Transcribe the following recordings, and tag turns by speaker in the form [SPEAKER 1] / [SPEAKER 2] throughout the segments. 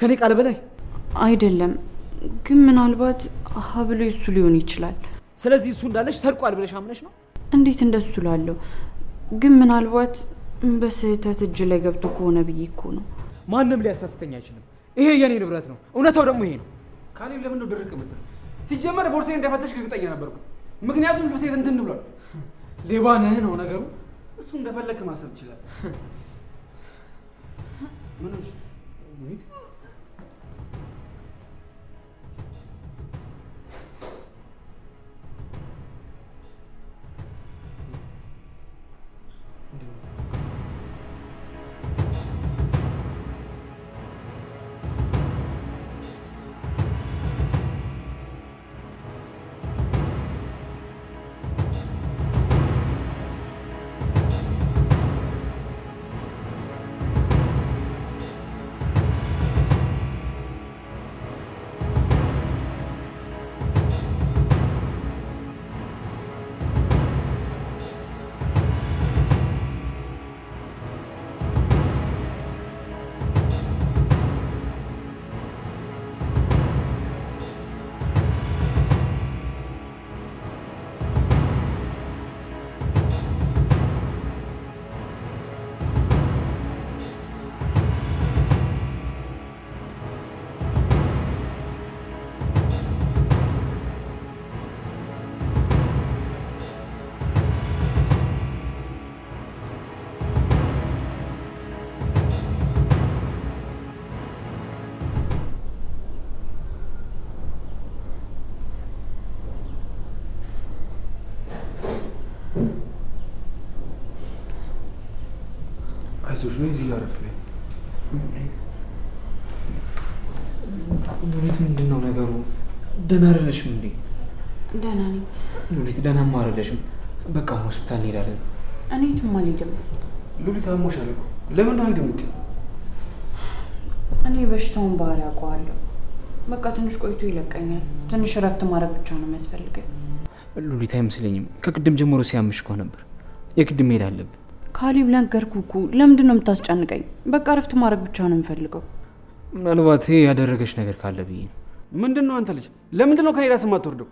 [SPEAKER 1] ከኔ ቃል በላይ
[SPEAKER 2] አይደለም። ግን ምናልባት ሀብሎ እሱ ሊሆን
[SPEAKER 1] ይችላል። ስለዚህ እሱ እንዳለሽ ሰርቋል ብለሽ
[SPEAKER 2] አምነሽ ነው? እንዴት እንደሱ ላለሁ። ግን ምናልባት በስህተት እጅ ላይ ገብቶ ከሆነ ብዬ
[SPEAKER 1] እኮ ነው። ማንም ሊያሳስተኝ አይችልም። ይሄ የኔ ንብረት ነው። እውነታው ደግሞ ይሄ ነው። ካሌብ ለምን ነው ድርቅ ምትል? ሲጀመር ቦርሳዬ እንደፈተሽ እርግጠኛ ነበርኩ። ምክንያቱም ልብሴት እንትን ብሏል። ሌባ ነህ ነው ነገሩ። እሱ እንደፈለግክ ማሰብ ትችላል። ምን አይዞሽ ነው እዚህ እያረፍ ነኝ። ሉሊት ምንድን ነው ነገሩ? ደህና አይደለሽም እንዴ? ደህና ነኝ ሉሊት። ደህናማ አይደለሽም። በቃ አሁን ሆስፒታል እንሄዳለን።
[SPEAKER 2] እኔ የትም አልሄድም
[SPEAKER 1] ሉሊት። አሞሻል እኮ ለምን ነው አይሄድም የምትይው?
[SPEAKER 2] እኔ በሽታውን ባህሪ አውቀዋለሁ። በቃ ትንሽ ቆይቶ ይለቀኛል። ትንሽ እረፍት ማድረግ ብቻ ነው የሚያስፈልገኝ
[SPEAKER 1] ሉሊት። አይመስለኝም። ከቅድም ጀምሮ ሲያምሽ እኮ ነበር።
[SPEAKER 2] የቅድም መሄድ አለብን ካሌብ ነገርኩህ እኮ ለምንድን ነው የምታስጨንቀኝ? በቃ እረፍት ማድረግ ብቻ ነው የምፈልገው።
[SPEAKER 1] ምናልባት ይሄ ያደረገች ነገር ካለ ብዬ ነው። ምንድን ነው አንተ ልጅ፣ ለምንድን ነው ከሌላ ስም አትወርደው?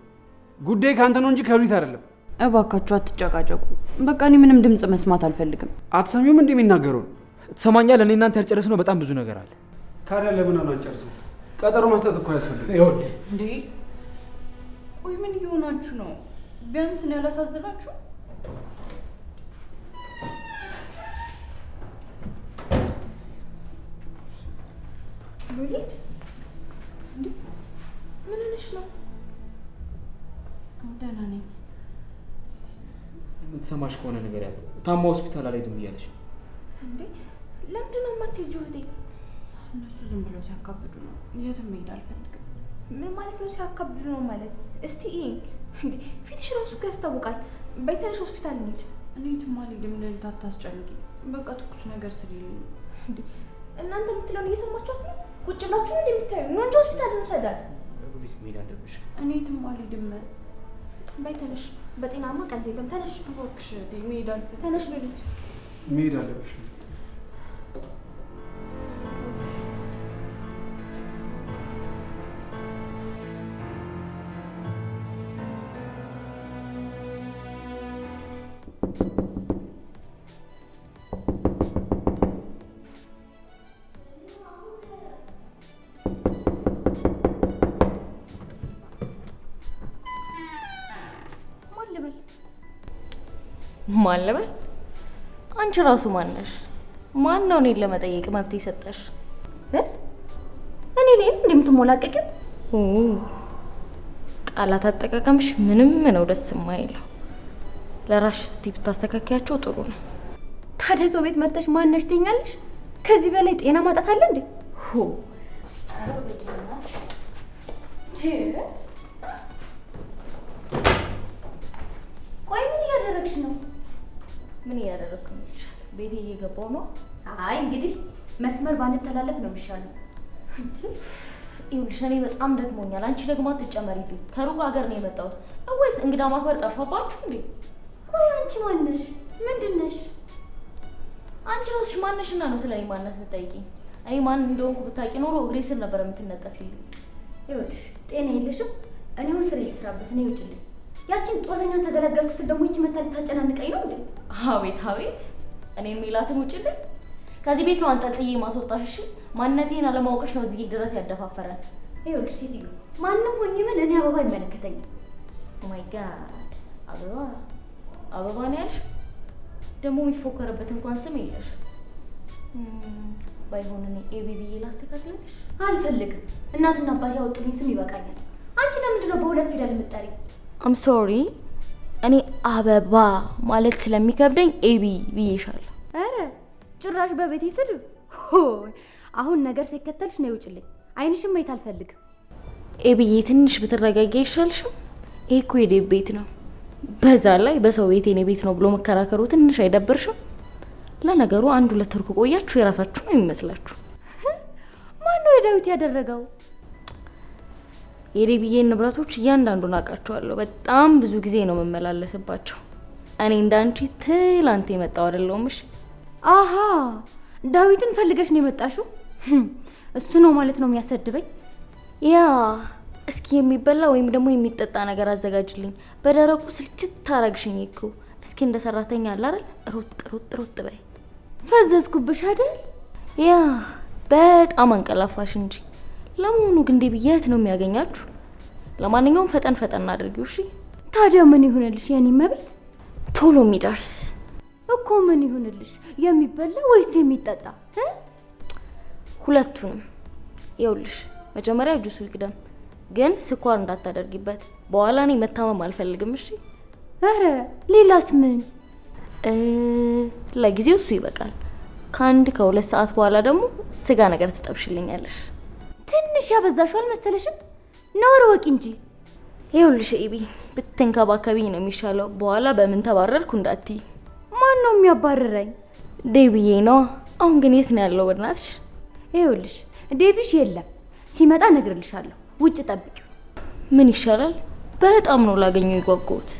[SPEAKER 1] ጉዳይ ከአንተ ነው እንጂ
[SPEAKER 2] ከሉት አይደለም። እባካችሁ አትጨቃጨቁ። በቃ እኔ ምንም ድምፅ መስማት አልፈልግም።
[SPEAKER 1] አትሰሚውም እንዲ የሚናገረው ትሰማኛለህ? እኔ እናንተ ያልጨረስ ነው በጣም ብዙ ነገር አለ። ታዲያ ለምን ነው አንጨርሰው? ቀጠሮ መስጠት እኮ ያስፈልግ
[SPEAKER 2] እንዴ? ቆይ ምን እየሆናችሁ ነው? ቢያንስ ነው ያላሳዝናችሁ ሉሊት ምን ሆነሽ ነው? ደህና ነኝ።
[SPEAKER 1] የምትሰማሽ ከሆነ ንገሪያት። ታማ ሆስፒታል አልሄድም እያለች ነው።
[SPEAKER 2] እንዴ ለምንድን ነው የማትሄጂው እህቴ? እነሱ ዝም ብለው ሲያካብዱ ነው። የትም መሄድ አልፈልግም። ምን ማለት ነው ሲያካብዱ ነው ማለት? እስቲ ይሄ ፊትሽ ራሱ እኮ ያስታውቃል። በይተንሽ ሆስፒታል እንሂድ። እኔ የትም አልሄድም። ልዕልት አታስጨንቂ። በቃ ትኩስ ነገር ስለሌለ እናንተ የምትለውን እየሰማችኋት ነው ቁጭ ብላችሁ ነው እንደምታዩ ነው እንጂ ሆስፒታል እንውሰዳት። ቤት ምን አለብሽ። እኔ የትም አልሄድም። በይ ተነሽ። በጤናማ ቀልድ የለም። ተነሽ እባክሽ። መሄድ አለ ተነሽ። ልጅ መሄድ አለብሽ። Thank you.
[SPEAKER 3] ማን ልበል? አንቺ ራሱ ማን ማን ነው እኔን ለመጠየቅ መብት
[SPEAKER 2] የሰጠሽ? እኔ ላይ እንደምትሞላቀቂው
[SPEAKER 3] ቃላት አጠቃቀምሽ ምንም ነው ደስ የማይለው። ለራሽ ስቲ ብታስተካከያቸው
[SPEAKER 2] ጥሩ ነው። ታዲያ ሰው ቤት መጥተሽ ማን ነሽ ትይኛለሽ? ከዚህ በላይ ጤና ማጣት አለ እንዴ?
[SPEAKER 3] ምን እያደረግኩ ይመስልሻል? ቤቴ እየገባው
[SPEAKER 2] ነው። አይ እንግዲህ መስመር ባንተላለፍ ነው
[SPEAKER 3] የሚሻለው። ይኸውልሽ እኔ በጣም ደግሞኛል። አንቺ ደግሞ አትጨመሪብኝ። ከሩቅ ሀገር ነው የመጣሁት ወይስ እንግዳ ማክበር ጠፋባችሁ እንዴ?
[SPEAKER 2] ቆይ አንቺ ማነሽ? ምንድን ነሽ?
[SPEAKER 3] አንቺ ራስሽ ማነሽና ነው ስለኔ እኔ ማንነት የምትጠይቂኝ? እኔ ማን እንደሆንኩ ብታውቂ ኖሮ እግሬ ስር ነበር የምትነጠፊልኝ።
[SPEAKER 2] ይኸውልሽ ጤና የለሽም። እኔ ምን ስራ እየሰራበት ነው? ይውጭልኝ ያችን ጦዘኛ ተገለገልኩ ስል ደግሞ ይቺ መታ ልታጨናንቀኝ
[SPEAKER 3] ነው እንዴ? አቤት አቤት! እኔን ሜላትን ውጭልኝ ከዚህ ቤት ነው አንጠልጥዬ ማስወጣሽ። ማንነቴን አለማወቅሽ ነው እዚህ ድረስ ያደፋፈራት።
[SPEAKER 2] ይኸውልሽ ሴትዮ ማንም ሆኜ ምን እኔ አበባ ይመለከተኛል።
[SPEAKER 3] ማይ ጋድ! አበባ አበባ ነው ያልሽ? ደግሞ የሚፎከርበት እንኳን ስም የለሽ። ባይሆን እኔ ኤቢ ብዬ ላስተካክልልሽ።
[SPEAKER 2] አልፈልግም። እናትና አባቴ ያወጡልኝ ስም ይበቃኛል። አንቺ ለምንድን ነው በሁለት
[SPEAKER 3] ፊደል የምትጠሪኝ? አም ሶሪ እኔ አበባ ማለት ስለሚከብደኝ ኤቢ ብዬሻለሁ።
[SPEAKER 2] ኧረ ጭራሽ በቤቴ ስድብ። አሁን ነገር ሳይከተልሽ ነው ይውጭልኝ። አይንሽም ማየት
[SPEAKER 3] አልፈልግም። ኤቢዬ ትንሽ ብትረጋጊ አይሻልሽም? ይሄ እኮ የዴብ ቤት ነው። በዛ ላይ በሰው ቤት የኔ ቤት ነው ብሎ መከራከሩ ትንሽ አይደብርሽም? ለነገሩ አንድ ሁለት ወር ከቆያችሁ የራሳችሁ ነው የሚመስላችሁ።
[SPEAKER 2] ማነው የዳዊት ያደረገው?
[SPEAKER 3] የዴብዬን ንብረቶች እያንዳንዱን አውቃቸዋለሁ። በጣም ብዙ ጊዜ ነው የምመላለስባቸው። እኔ እንዳንቺ ትላንት የመጣው አይደለሁም። እሺ።
[SPEAKER 2] አሀ ዳዊትን ፈልገሽ ነው የመጣሽው? እሱ ነው ማለት ነው የሚያሰድበኝ።
[SPEAKER 3] ያ እስኪ የሚበላ ወይም ደግሞ የሚጠጣ ነገር አዘጋጅልኝ። በደረቁ ስልችት ታረግሽኝ እኮ። እስኪ እንደ ሰራተኛ አላረል አይደል? ሩጥ ሩጥ ሩጥ
[SPEAKER 2] በይ። ፈዘዝኩብሽ አይደል?
[SPEAKER 3] ያ በጣም አንቀላፋሽ እንጂ ለመሆኑ ግንዴ ብየት ነው የሚያገኛችሁ? ለማንኛውም ፈጠን ፈጠን አድርጊው እሺ።
[SPEAKER 2] ታዲያ ምን ይሁንልሽ የኔ መቤት?
[SPEAKER 3] ቶሎ የሚደርስ
[SPEAKER 2] እኮ ምን ይሁንልሽ? የሚበላ ወይስ የሚጠጣ?
[SPEAKER 3] ሁለቱንም። ይኸውልሽ መጀመሪያ ጁሱ ይቅደም፣ ግን ስኳር እንዳታደርጊበት። በኋላ እኔ መታመም አልፈልግም እሺ።
[SPEAKER 2] ኧረ ሌላስ ምን?
[SPEAKER 3] ለጊዜው እሱ ይበቃል። ከአንድ ከሁለት ሰዓት በኋላ ደግሞ ስጋ ነገር ትጠብሽልኛለሽ።
[SPEAKER 2] ትንሽ ያበዛሽው አልመሰለሽም? ነውር ወቂ
[SPEAKER 3] እንጂ ይኸውልሽ፣ ኤቢ ብትንከባከቢኝ ነው የሚሻለው። በኋላ በምን ተባረርኩ
[SPEAKER 2] እንዳትዪ። ማን ነው የሚያባርረኝ?
[SPEAKER 3] ዴቢዬ ነዋ። አሁን ግን የት ነው ያለው? በእናትሽ
[SPEAKER 2] ይኸውልሽ፣ ዴቢሽ የለም። ሲመጣ እነግርልሻለሁ። ውጭ
[SPEAKER 3] ጠብቂው። ምን ይሻላል? በጣም ነው ላገኘው የጓጓሁት።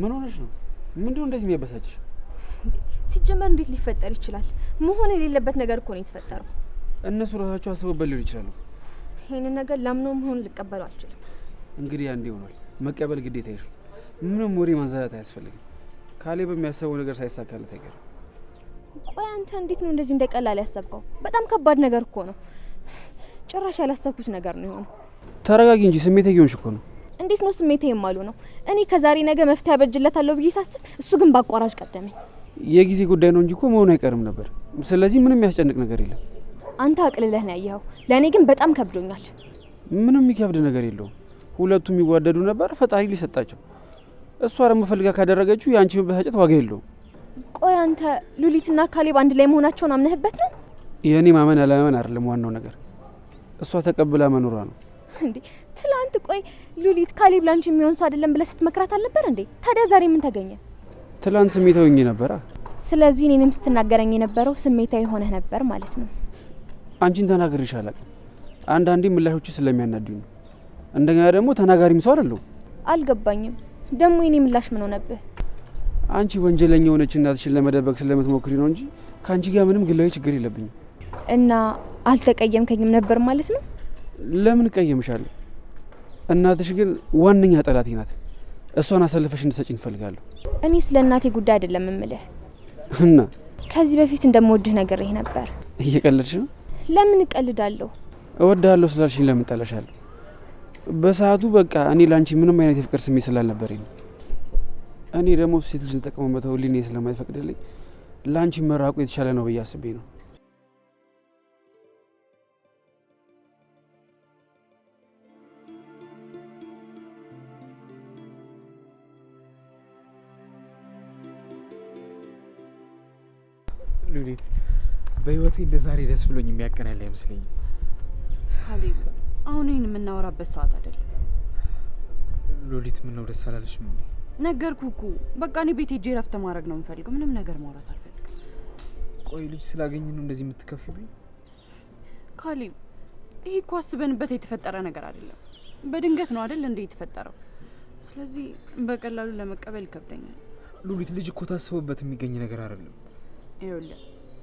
[SPEAKER 1] ምን ሆነሽ ነው? ምንድነው እንደዚህ የሚያበሳጭሽ?
[SPEAKER 2] ሲጀመር እንዴት ሊፈጠር ይችላል? መሆን የሌለበት ነገር እኮ ነው የተፈጠረው።
[SPEAKER 1] እነሱ ራሳቸው አስበውበት ሊሆን ይችላሉ።
[SPEAKER 2] ይህንን ነገር ላምነውም መሆን ልቀበለው አልችልም።
[SPEAKER 1] እንግዲህ አንዴ ሆኗል፣ መቀበል ግዴታ ይሽ። ምንም ወሬ ማንዛዛት አያስፈልግም። ካሌ በሚያሰበው ነገር ሳይሳካለት አይቀርም።
[SPEAKER 2] ቆይ አንተ እንዴት ነው እንደዚህ እንደቀላል ያሰብከው? በጣም ከባድ ነገር እኮ ነው። ጭራሽ ያላሰብኩት ነገር
[SPEAKER 1] ነው የሆነው። ተረጋጊ እንጂ ስሜት ሆንሽ
[SPEAKER 2] እኮ ነው እንዴት ነው ስሜቴ የማሉ ነው። እኔ ከዛሬ ነገ መፍትሄ አበጅለታለሁ ብዬ ሳስብ እሱ ግን በአቋራጭ
[SPEAKER 1] ቀደመኝ። የጊዜ ጉዳይ ነው እንጂ እኮ መሆኑ አይቀርም ነበር። ስለዚህ ምንም
[SPEAKER 2] ያስጨንቅ ነገር የለም። አንተ አቅልለህ ነው ያየኸው። ለእኔ ግን በጣም ከብዶኛል።
[SPEAKER 1] ምንም የሚከብድ ነገር የለውም። ሁለቱ የሚዋደዱ ነበር፣ ፈጣሪ ሊሰጣቸው። እሷ ደግሞ ፈልጋ ካደረገችው የአንቺ መበሳጨት ዋጋ
[SPEAKER 2] የለውም። ቆይ አንተ ሉሊትና ካሌብ አንድ ላይ መሆናቸውን አምነህበት ነው?
[SPEAKER 1] የእኔ ማመን አለማመን አይደለም፣ ዋናው ነገር እሷ ተቀብላ መኖሯ
[SPEAKER 2] ነው። እንዴ ትላንት ቆይ ሉሊት ካሌብ ላንቺ የሚሆን ሰው አይደለም ብለህ ስትመክራት አልነበር እንዴ? ታዲያ ዛሬ ምን ተገኘ?
[SPEAKER 1] ትላንት ስሜታዊኝ ነበራ።
[SPEAKER 2] ስለዚህ እኔንም ስትናገረኝ የነበረው ስሜታዊ ሆነህ ነበር
[SPEAKER 1] ማለት ነው። አንቺን ተናግሬሽ አላውቅም። አንዳንዴ ምላሾች ስለሚያናዱኝ ነው። እንደገና ደግሞ ተናጋሪም ሰው አይደለሁ።
[SPEAKER 2] አልገባኝም። ደግሞ የኔ ምላሽ ምን ሆነብህ?
[SPEAKER 1] አንቺ ወንጀለኛ የሆነች እናትሽን ለመደበቅ ስለምትሞክሪ ነው እንጂ ከአንቺ ጋር ምንም ግላዊ ችግር የለብኝም።
[SPEAKER 2] እና አልተቀየምከኝም ነበር ማለት
[SPEAKER 1] ነው? ለምን እቀየምሻለሁ? እናትሽ ግን ዋነኛ ጠላቴ ናት። እሷን አሳልፈሽ
[SPEAKER 2] እንድሰጪኝ እፈልጋለሁ። እኔ ስለ እናቴ ጉዳይ አይደለም እምልህ እና ከዚህ በፊት እንደምወድህ ይሄ ነበር።
[SPEAKER 1] እየቀለድሽ ነው? ለምን እቀልዳለሁ? እወድሃለሁ ስላልሽኝ ለምን ጠለሻለሁ? በሰዓቱ በቃ እኔ ለአንቺ ምንም አይነት የፍቅር ስሜት ስላልነበረኝ ነው። እኔ ደግሞ ሴት ልጅ ተጠቅመበት ሕሊናዬ ስለማይፈቅድልኝ ለአንቺ መራቁ የተሻለ ነው ብዬ አስቤ ነው። ሉሊት፣ በህይወቴ እንደ ዛሬ ደስ ብሎኝ የሚያቀናል አይመስለኝም።
[SPEAKER 2] ካሌብ፣ አሁን ይህን የምናወራበት ሰዓት አይደለም።
[SPEAKER 1] ሉሊት፣ ምነው ደስ
[SPEAKER 2] አላለሽም እንዴ? ነገርኩህ እኮ በቃ እኔ ቤት ሄጄ ረፍት ማድረግ ነው የምፈልገው። ምንም ነገር ማውራት አልፈልግም።
[SPEAKER 1] ቆይ ልጅ ስላገኝ ነው እንደዚህ የምትከፍብኝ?
[SPEAKER 2] ካሌብ፣ ይሄ እኮ አስበንበት የተፈጠረ ነገር አይደለም። በድንገት ነው አይደል እንዴ የተፈጠረው። ስለዚህ በቀላሉ ለመቀበል ይከብደኛል።
[SPEAKER 1] ሉሊት፣ ልጅ እኮ ታስቦበት የሚገኝ ነገር
[SPEAKER 2] አይደለም። ይኸውልህ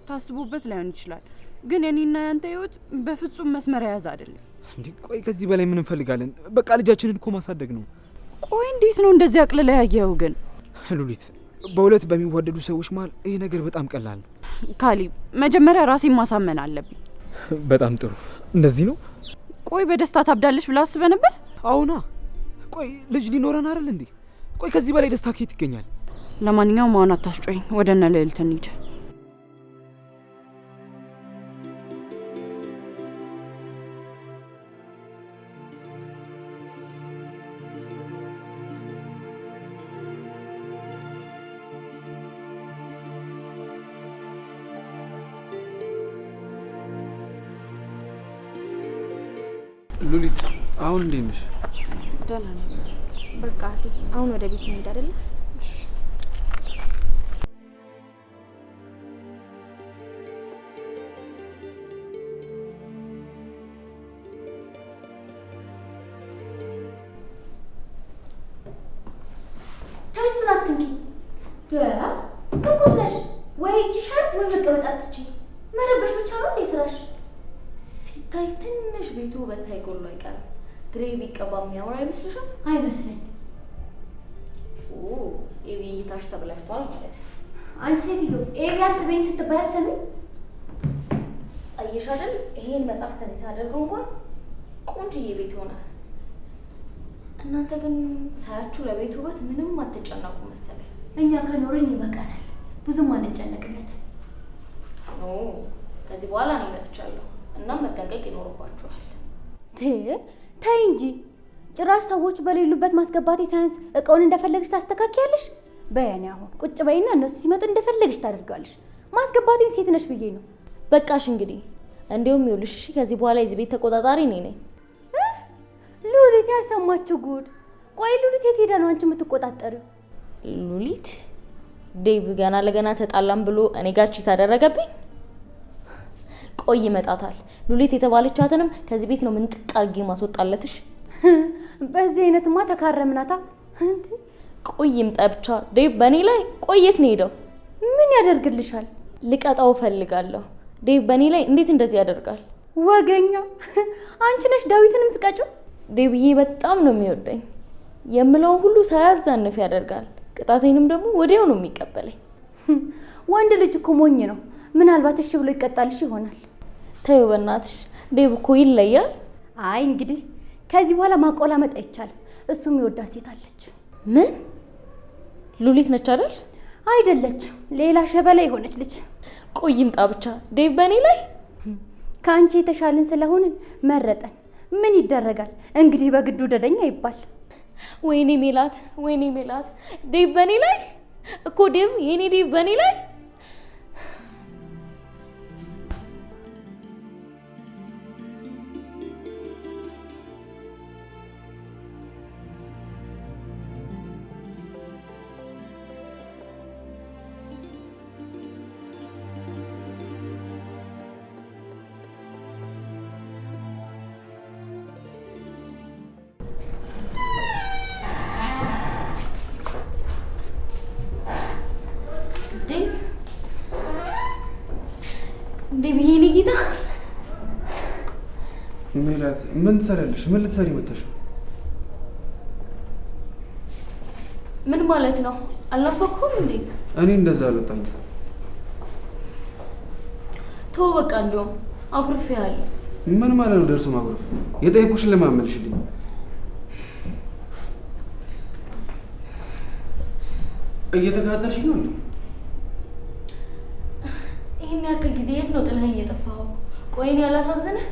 [SPEAKER 2] ታስቦበት ላይሆን ይችላል፣ ግን የኔና ያንተ ህይወት በፍጹም መስመር የያዝ
[SPEAKER 1] አይደለም። እንዴ ቆይ ከዚህ በላይ ምን እንፈልጋለን? በቃ ልጃችንን እኮ ማሳደግ ነው።
[SPEAKER 2] ቆይ እንዴት ነው እንደዚህ አቅልላ ያየኸው?
[SPEAKER 1] ግን ሉሊት፣ በሁለት በሚዋደዱ ሰዎች መሀል ይህ ነገር በጣም ቀላል
[SPEAKER 2] ነው። መጀመሪያ ራሴን ማሳመን አለብኝ።
[SPEAKER 1] በጣም ጥሩ፣ እንደዚህ ነው።
[SPEAKER 2] ቆይ በደስታ ታብዳለች ብላ አስበህ
[SPEAKER 1] ነበር? አሁና ቆይ ልጅ ሊኖረን አይደል እንዴ? ቆይ ከዚህ በላይ ደስታ ከየት ይገኛል?
[SPEAKER 2] ለማንኛውም አሁን አታስጮኝ፣ ወደ እነ ልዕልት እንሂድ። አሁን እንዴት ነሽ? ደህና ነኝ። በቃ አሁን ወደ ቤት እንሄድ አይደለ? ተይሱን አትንኪ። ደህና ነሽ ወይ? እጅሽ ወይ በቃ መጣት ግሬ ቢቀባ የሚያምር አይመስልሽም? አይመስለኝ።
[SPEAKER 3] ኤቢ እይታሽ ተብላሽቷል ማለት ነው።
[SPEAKER 2] አንቺ ሴትዮ ኤቢ አትበይኝ ስትባይ አትሰሚም? አየሽ አይደል? ይሄን መጽሐፍ ከዚህ ሳደርገው እንኳን
[SPEAKER 3] ቆንጅዬ ቤት ይሆናል።
[SPEAKER 2] እናንተ ግን ሳያችሁ ለቤት ውበት ምንም አትጨነቁ መሰለኝ። እኛ ከኖርን ይበቃናል፣ ብዙም አንጨነቅለት።
[SPEAKER 3] ኖ ከዚህ በኋላ ነው እመጥቻለሁ እናም መጠንቀቅ ይኖርባችኋል።
[SPEAKER 2] ታይ እንጂ ጭራሽ ሰዎች በሌሉበት ማስገባት ሳይንስ እቃውን እንደፈለግሽ ታስተካክያለሽ። በያኔ አሁን ቁጭ በይና እነሱ ሲመጡ እንደፈለግሽ ታደርጋለሽ። ማስገባትም ሴት ነሽ
[SPEAKER 3] ብዬ ነው። በቃሽ እንግዲህ እንዲሁም ይኸውልሽ፣ ከዚህ በኋላ የዚህ ቤት ተቆጣጣሪ
[SPEAKER 2] እኔ ነኝ። ሉሊት ያልሰማችሁ ጉድ! ቆይ ሉሊት የት ሄዳ ነው አንቺ የምትቆጣጠሪው?
[SPEAKER 3] ሉሊት ዴቭ ገና ለገና ተጣላም ብሎ እኔ ጋቺ ታደረገብኝ ቆይ ይመጣታል። ሉሊት የተባለቻትንም ከዚህ ቤት ነው ምንጥቅ አድርጌ ማስወጣለትሽ።
[SPEAKER 2] በዚህ አይነትማ ተካረምናታ።
[SPEAKER 3] ቆይ ይምጣ ብቻ ዴቭ በእኔ ላይ ቆየት ነው
[SPEAKER 2] ሄደው ምን ያደርግልሻል?
[SPEAKER 3] ልቀጣው እፈልጋለሁ። ዴቭ በእኔ ላይ እንዴት እንደዚህ
[SPEAKER 2] ያደርጋል? ወገኛ አንቺ ነሽ ዳዊትን
[SPEAKER 3] የምትቀጭው። ዴቭዬ በጣም ነው የሚወደኝ። የምለውን ሁሉ ሳያዛንፍ ያደርጋል። ቅጣቴንም ደግሞ ወዲያው ነው የሚቀበለኝ።
[SPEAKER 2] ወንድ ልጅ እኮ ሞኝ ነው። ምናልባት እሺ ብሎ ይቀጣልሽ
[SPEAKER 3] ይሆናል። ተይው በእናትሽ ዴብ እኮ ይለያል።
[SPEAKER 2] አይ እንግዲህ ከዚህ በኋላ ማቆላመጥ አይቻልም። እሱም የወዳት
[SPEAKER 3] ሴት አለች። ምን ሉሊት ነች
[SPEAKER 2] አይደል? አይደለች ሌላ ሸበላ የሆነች ልጅ።
[SPEAKER 3] ቆይ ይምጣ ብቻ። ዴብ በእኔ ላይ
[SPEAKER 2] ከአንቺ የተሻልን ስለሆንን መረጠን። ምን ይደረጋል እንግዲህ፣ በግዱ ደደኛ ይባል።
[SPEAKER 3] ወይኔ ሜላት፣ ወይኔ ሜላት፣ ዴብ በእኔ ላይ እኮ ዴብ፣ የኔ ዴብ በእኔ ላይ
[SPEAKER 1] ሜላት ምን ትሰሪያለሽ? ምን ልትሰሪ መጣሽ?
[SPEAKER 2] ምን ማለት ነው? አልናፈኩም
[SPEAKER 1] እንዴ? እኔ እንደዛ አልወጣም።
[SPEAKER 2] ተው በቃ፣ እንደውም አኩርፌ
[SPEAKER 1] ያለ ምን ማለት ነው? ደርሶ ማኩርፍ የጠየኩሽን ለማመልሽልኝ እየተከታተልሽ ነው እንዴ?
[SPEAKER 2] ይህን ያክል ጊዜ የት ነው ጥለኸኝ የጠፋኸው? ቆይን ያላሳዝነህ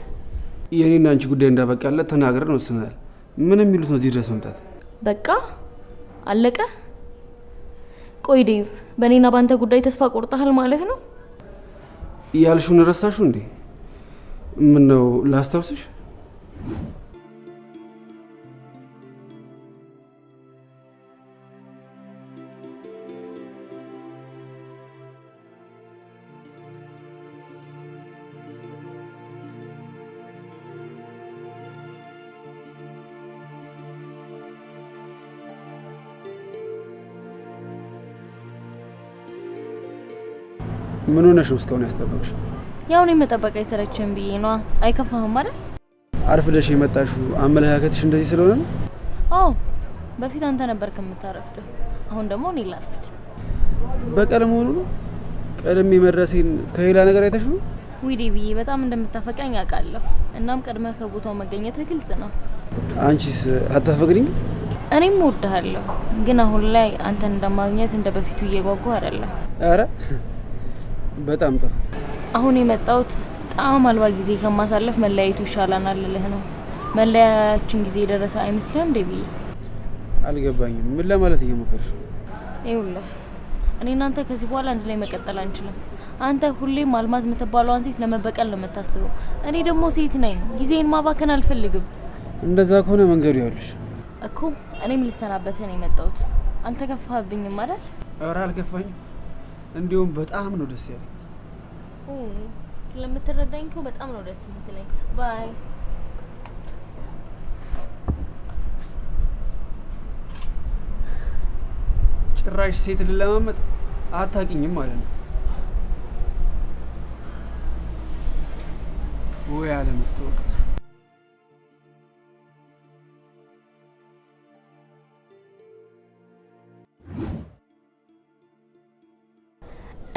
[SPEAKER 1] የኔና አንቺ ጉዳይ እንዳበቃለት ተናግረን ወስነናል። ምን የሚሉት ነው እዚህ
[SPEAKER 3] ድረስ መምጣት? በቃ አለቀ። ቆይ ዴቭ፣ በእኔና በአንተ ጉዳይ ተስፋ ቆርጠሃል ማለት ነው?
[SPEAKER 1] ያልሹን ረሳሹ እንዴ? ምን ነው ላስታውስሽ ምን ሆነሽ ነው እስካሁን ያስጠበቅሽ?
[SPEAKER 3] ያው እኔ መጠበቅ አይሰለችም ብዬ ነዋ። አይከፋህም
[SPEAKER 1] አይደል? አርፍደሽ የመጣሽው አመለካከትሽ እንደዚህ
[SPEAKER 3] ስለሆነ ነው? አዎ፣ በፊት አንተ ነበርክ የምታረፍደው፣ አሁን ደግሞ እኔ ላርፍድ።
[SPEAKER 1] በቀለም ሆኑ ነው? ቀደም የመድረሴን ከሌላ ነገር
[SPEAKER 3] አይተሽ ነው? ዊዴ ብዬ በጣም እንደምታፈቅረኝ አውቃለሁ። እናም ቀድመ ከቦታው መገኘት ግልጽ
[SPEAKER 1] ነው። አንቺስ አታፈቅሪኝ?
[SPEAKER 3] እኔም እወድሃለሁ፣ ግን አሁን ላይ አንተን እንደማግኘት እንደ በፊቱ እየጓጓ አይደለም። አረ በጣም ጥሩ። አሁን የመጣሁት ጣም አልባ ጊዜ ከማሳለፍ መለያየቱ ይሻላናል ልልህ ነው። መለያያችን ጊዜ የደረሰ አይመስልህም እንዴ? ብዬ
[SPEAKER 1] አልገባኝም። ምን ለማለት እየሞከርሽ?
[SPEAKER 3] ይኸውልህ እኔ እናንተ ከዚህ በኋላ አንድ ላይ መቀጠል አንችልም። አንተ ሁሌም አልማዝ የምትባለዋን ሴት ለመበቀል ነው የምታስበው። እኔ ደግሞ ሴት ነኝ፣ ጊዜን ማባከን አልፈልግም።
[SPEAKER 1] እንደዛ ከሆነ መንገዱ ያሉሽ
[SPEAKER 3] እኮ እኔም ልሰናበትህ ነው የመጣሁት። አልተከፋህብኝም
[SPEAKER 1] አይደል? ኧረ አልከፋኝም። እንዲሁም በጣም ነው ደስ ያለኝ።
[SPEAKER 3] ስለምትረዳኝ እኮ በጣም ነው ደስ የምትለኝ። ባይ
[SPEAKER 1] ጭራሽ ሴት ልለማመጥ አታውቂኝም ማለት ነው ወይ? አለመታወቅ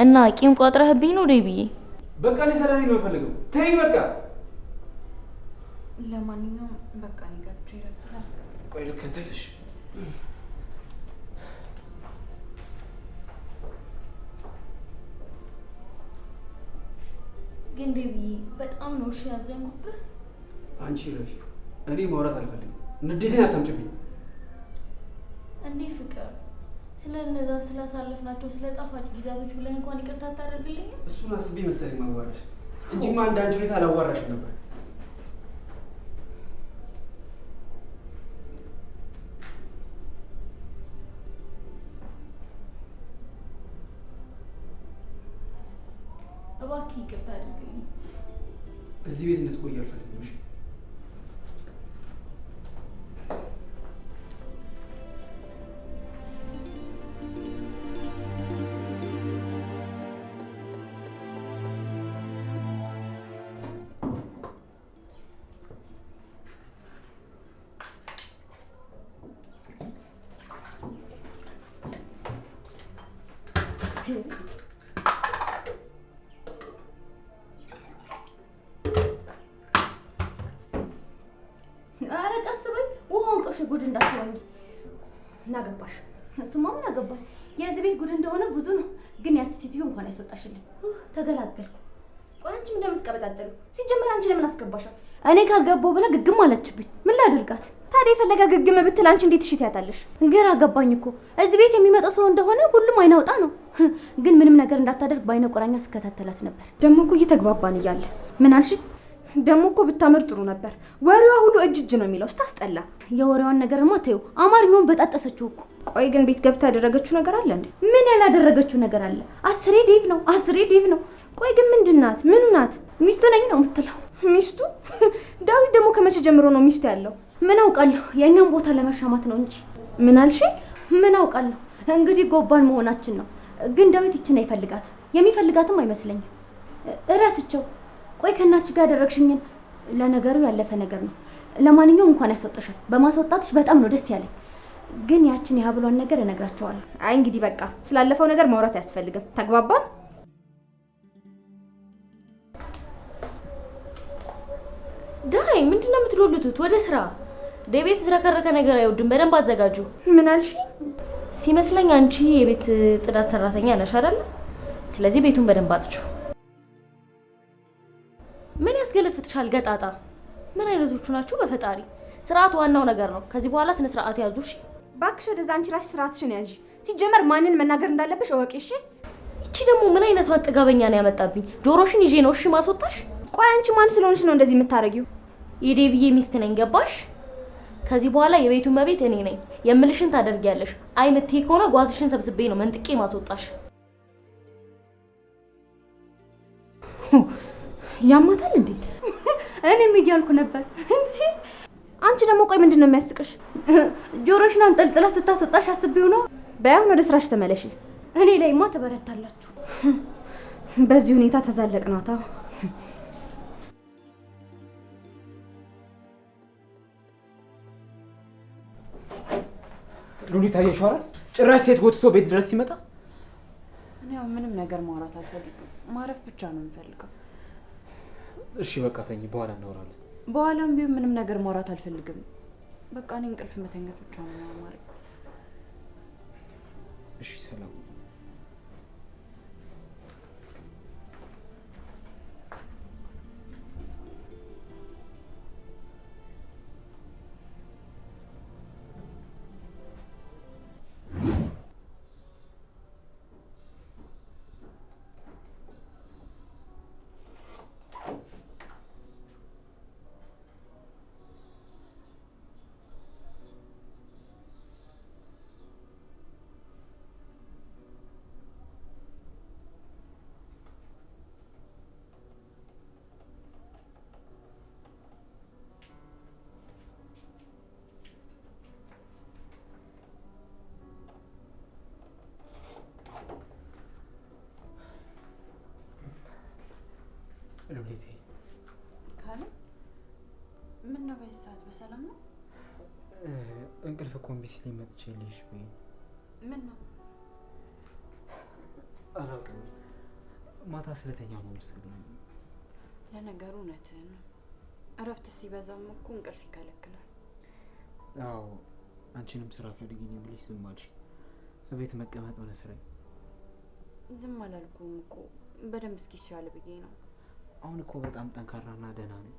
[SPEAKER 3] እና ቂም ቋጥረህብኝ ነው ዴቢ?
[SPEAKER 1] በቃ እኔ ሰላም ነው የምፈልገው። ተይ በቃ።
[SPEAKER 2] ለማንኛውም በቃ እኔ ጋር ይረዳል።
[SPEAKER 1] ቆይ ልከተልሽ።
[SPEAKER 2] ግን ዴቢ በጣም ነው እሺ ያዘንኩብህ።
[SPEAKER 1] አንቺ ረፊ፣ እኔ ማውራት አልፈልግም። ንዴቴን አታምጭብኝ
[SPEAKER 2] እንዴ ፍቅር ስለ እነዛ ስላሳለፍናቸው ስለ ጣፋጭ ጊዜያቶች ብለህ እንኳን ይቅርታ ታደርግልኝ።
[SPEAKER 1] እሱን አስቤ መሰለኝ ማዋራሽ እንጂማ እንደ ሁኔታ አላዋራሽም ነበር።
[SPEAKER 2] እባክህ ይቅርታ አድርግልኝ።
[SPEAKER 1] እዚህ ቤት እንድትቆይ አልፈልግም።
[SPEAKER 2] ተከላከልኩ። ቆይ አንቺም እንደምትቀበጣጠሉ ሲጀመር አንቺ ለምን አስገባሻት? እኔ ካልገባው ብላ ግግም አለችብኝ። ምን ላድርጋት ታዲያ? የፈለገ ግግም ብትል አንቺ እንዴት እሺ ትያታለሽ? ግራ አገባኝ እኮ እዚህ ቤት የሚመጣው ሰው እንደሆነ ሁሉም አይናውጣ ነው። ግን ምንም ነገር እንዳታደርግ በአይነ ቁራኛ ስከታተላት ነበር። ደግሞ እኮ እየተግባባን እያለ ምን አልሽ? ደግሞ እኮ ብታምር ጥሩ ነበር። ወሬዋ ሁሉ እጅ እጅ ነው የሚለው ስታስጠላ። የወሬዋን ነገርማ ተይው፣ አማርኛውን በጣጠሰችው እኮ። ቆይ ግን ቤት ገብታ ያደረገችው ነገር አለ እንዴ? ምን ያላደረገችው ነገር አለ? አስሬ ዴቭ ነው አስሬ ዴቭ ነው ቆይ ግን ምንድን ናት? ምኑ ናት? ሚስቱ ነኝ ነው የምትለው? ሚስቱ ዳዊት ደግሞ ከመቼ ጀምሮ ነው ሚስቱ ያለው? ምን አውቃለሁ። የእኛም ቦታ ለመሻማት ነው እንጂ። ምን አልሽ? ምን አውቃለሁ። እንግዲህ ጎባን መሆናችን ነው። ግን ዳዊት ይችን አይፈልጋት፣ የሚፈልጋትም አይመስለኝም። እረስቸው። ቆይ ከእናትሽ ጋር ያደረግሽኝን ለነገሩ ያለፈ ነገር ነው። ለማንኛውም እንኳን ያስወጣሻል። በማስወጣትሽ በጣም ነው ደስ ያለኝ። ግን ያችን የሀብሏን ነገር እነግራቸዋለሁ። አይ እንግዲህ በቃ ስላለፈው ነገር ማውራት አያስፈልግም። ተግባባን?
[SPEAKER 3] ሁሉ ትሁት ወደ ስራ የቤት ዝረከረከ ነገር አይወድም።
[SPEAKER 2] በደንብ አዘጋጁ። ምን አልሽ?
[SPEAKER 3] ሲመስለኝ አንቺ የቤት ጽዳት ሰራተኛ ነሽ አይደለ? ስለዚህ ቤቱን በደንብ አጽጁ። ምን ያስገለፍትሻል? ገጣጣ ምን አይነቶቹ ናችሁ? በፈጣሪ ስርዓት ዋናው ነገር ነው። ከዚህ በኋላ ስነ
[SPEAKER 2] ስርዓት ያዙ። እሺ እባክሽ፣ ወደዛ አንቺ ራስሽ ስርዓትሽን ያዢ። ሲጀመር ማንን መናገር እንዳለብሽ እወቂ። እሺ
[SPEAKER 3] እቺ ደግሞ ምን አይነቷ ጥጋበኛ ነው ያመጣብኝ። ጆሮሽን ይዤ ነው እሺ ማስወጣሽ።
[SPEAKER 2] ቆይ አንቺ ማን ስለሆንሽ ነው እንደዚህ የምታረጊው?
[SPEAKER 3] የዴብዬ ሚስት ነኝ። ገባሽ? ከዚህ በኋላ የቤቱ መቤት እኔ ነኝ። የምልሽን ታደርጊያለሽ። አይ ምትሄ ከሆነ ጓዝሽን ሰብስቤ ነው መንጥቄ ማስወጣሽ። ያማታል እንዴ?
[SPEAKER 2] እኔም እያልኩ ነበር። አንቺ ደግሞ ቆይ ምንድን ነው የሚያስቅሽ? ጆሮሽን አንጠልጥላ ስታስወጣሽ አስቤው ነው። በያሁን ወደ ስራሽ ተመለሽ። እኔ ላይማ ተበረታላችሁ። በዚህ ሁኔታ ተዛለቅናታ።
[SPEAKER 1] ሉሊ ታየሽው አይደል? ጭራሽ ሴት ጎትቶ ቤት ድረስ ሲመጣ
[SPEAKER 2] ያው ምንም ነገር ማውራት አልፈልግም። ማረፍ ብቻ ነው የምፈልገው።
[SPEAKER 1] እሺ በቃ ተኝ፣ በኋላ እናወራለን።
[SPEAKER 2] በኋላም ቢሆን ምንም ነገር ማውራት አልፈልግም። በቃ እኔ እንቅልፍ መተኛት ብቻ ነው።
[SPEAKER 1] እሺ ሰላም ጌቴ።
[SPEAKER 2] ካለ ምን ነው በዚህ ሰዓት በሰላም ነው?
[SPEAKER 1] እንቅልፍ ኮምቢስ እምቢ ሲል ወይ ምን ነው አላውቅም፣ ማታ ስለተኛ ነው መሰለኝ።
[SPEAKER 2] ለነገሩ እውነትህን ነው። እረፍት ሲበዛም እኮ እንቅልፍ ይከለክላል።
[SPEAKER 1] አዎ አንቺንም ስራ ፈልጊኝ ብለሽ ዝም አልሽ። እቤት መቀመጥ ሆነ ስራዬ።
[SPEAKER 2] ዝም አላልኩም እኮ በደንብ እስኪሻል ብዬ ነው
[SPEAKER 1] አሁን እኮ በጣም ጠንካራና ደህና ነው።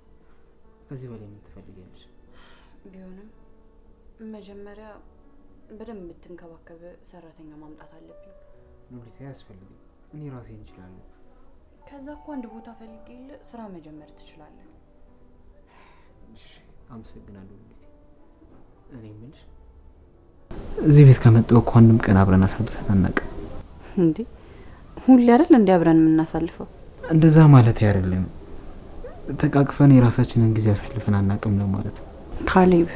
[SPEAKER 1] ከዚህ በላይ የምትፈልገንሽ
[SPEAKER 2] ቢሆንም መጀመሪያ በደንብ የምትንከባከብ ሰራተኛ ማምጣት አለብኝ።
[SPEAKER 1] ሉሊት አያስፈልግም፣ እኔ ራሴ እንችላለሁ።
[SPEAKER 2] ከዛ እኮ አንድ ቦታ ፈልጌ ስራ መጀመር ትችላለህ።
[SPEAKER 1] አመሰግናለሁ ሉሊት። እኔ የምልሽ እዚህ ቤት ከመጣሁ እኮ አንድም ቀን አብረን አሳልፈን አናውቅም።
[SPEAKER 2] እንዴ ሁሌ አይደል እንዲ አብረን የምናሳልፈው
[SPEAKER 1] እንደዛ ማለት አይደለም። ተቃቅፈን የራሳችንን ጊዜ አሳልፈን አናቅም ነው ማለት ነው። ካሌብ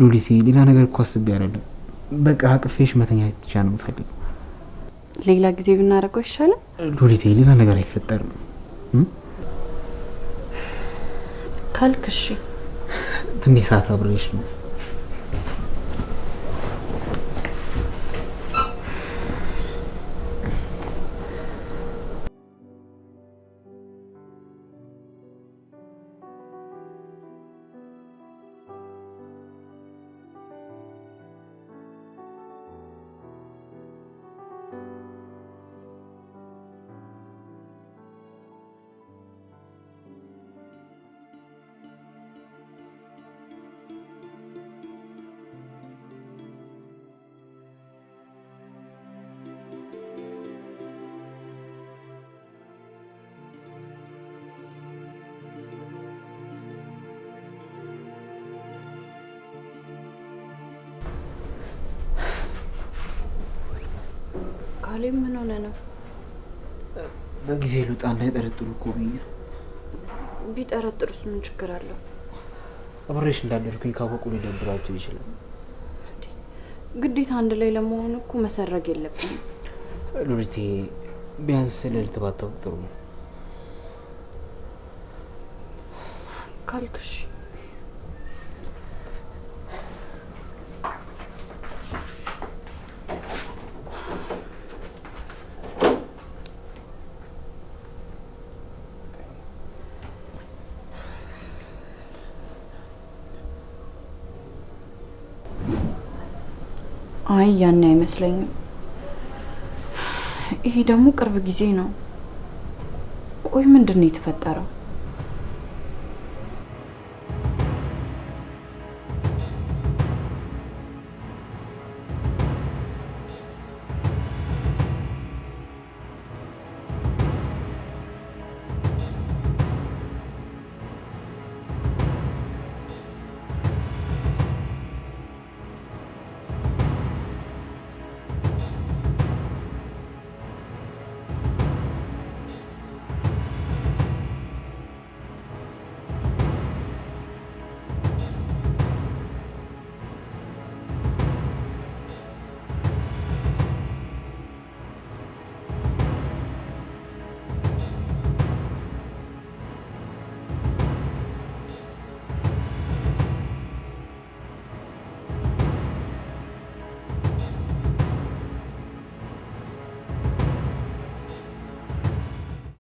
[SPEAKER 1] ሉሊቴ፣ ሌላ ነገር እኮ አስቤ አይደለም። በቃ አቅፌሽ መተኛት ብቻ ነው የምፈልገው።
[SPEAKER 2] ሌላ ጊዜ ብናደርገው
[SPEAKER 1] ይሻላል። ሉሊቴ፣ ሌላ ነገር አይፈጠርም ካልክ እሺ፣ ትንሽ ሰዓት አብሬሽ ነው
[SPEAKER 2] አለ። ምን ሆነ ነው?
[SPEAKER 1] በጊዜ ልውጣ እንዳይጠረጥሩ እኮ ብዬ።
[SPEAKER 2] ቢጠረጥሩስ ምን ችግር አለው?
[SPEAKER 1] አብሬሽ እንዳደርኩኝ ካወቁ ሊደብራቸው ይችላል።
[SPEAKER 2] ግዴታ አንድ ላይ ለመሆን እኮ መሰረግ የለብንም።
[SPEAKER 1] ሉሊቴ ቢያንስ ሌሊት ባታውቅ ጥሩ ነው
[SPEAKER 2] ካልክሽ አይ ያን አይመስለኝም። ይሄ ደግሞ ቅርብ ጊዜ ነው። ቆይ ምንድን ነው የተፈጠረው?